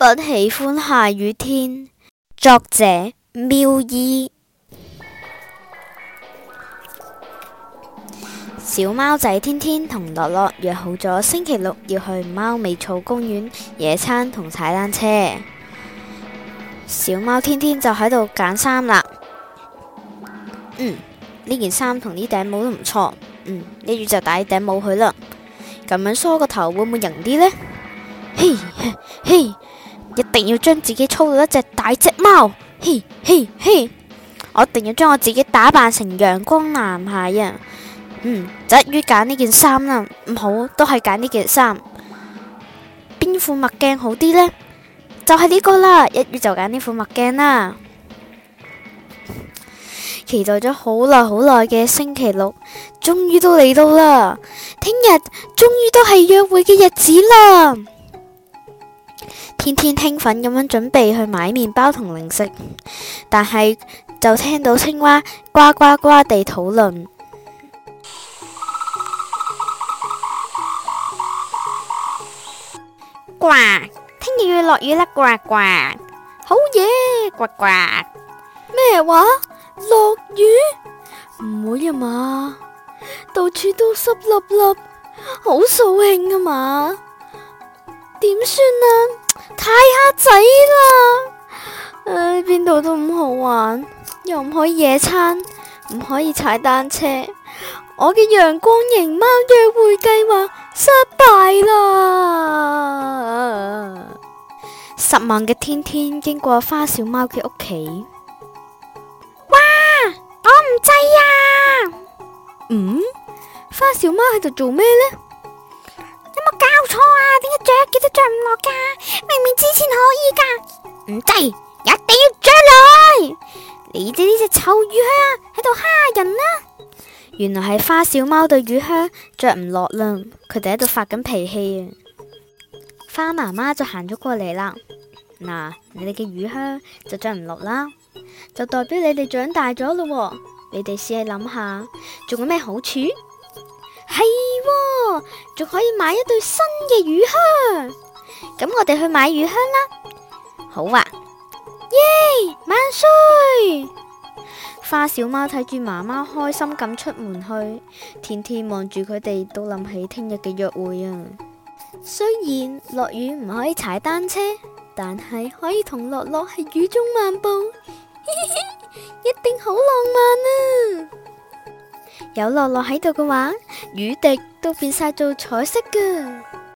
不喜歡下雨天。作者：喵衣。小貓仔天天同樂樂約好咗星期六要去貓尾草公園野餐同踩單車。小貓天天就喺度揀衫啦。嗯，呢件衫同呢頂帽都唔錯。嗯，呢件就戴呢頂帽去啦。咁樣梳個頭會唔會型啲呢？嘿，嘿。一定要將自己操到一隻大隻貓，嘿，嘿，嘿！我一定要將我自己打扮成陽光男孩呀、啊，嗯，就一於揀呢件衫啦，唔好都係揀呢件衫。邊副墨鏡好啲呢？就係、是、呢個啦，一於就揀呢副墨鏡啦。期待咗好耐好耐嘅星期六，終於都嚟到啦！聽日終於都係約會嘅日子啦！天天興奮咁樣準備去買麵包同零食，但係就聽到青蛙呱呱呱地討論：呱，聽日要落雨啦，呱呱，好嘢，呱呱，咩話？落雨唔會啊嘛，到處都濕立立，好掃興啊嘛。點算啊！太黑仔啦！唉、呃，邊度都唔好玩，又唔可以野餐，唔可以踩單車，我嘅陽光型貓約會計劃失敗啦！失望嘅天天經過花小貓嘅屋企，哇！我唔制啊！嗯，花小貓喺度做咩呢？錯啊！點解着極都着唔落噶？明明之前可以噶，唔制用，一定要着落。你知呢隻臭雨靴喺度蝦人啦、啊？原來係花小貓對雨靴着唔落啦，佢哋喺度發緊脾氣啊！花媽媽就行咗過嚟啦，嗱，你哋嘅雨靴就着唔落啦，就代表你哋長大咗咯。你哋試下諗下，仲有咩好處？係，仲、哦、可以買一對新嘅雨靴。咁我哋去買雨靴啦。好啊，耶萬歲！花小貓睇住媽媽開心咁出門去，天天望住佢哋都諗起聽日嘅約會啊。雖然落雨唔可以踩單車，但係可以同樂樂喺雨中漫步，嘻 嘻一定好浪漫啊！有落落喺度嘅話，雨滴都變晒做彩色㗎。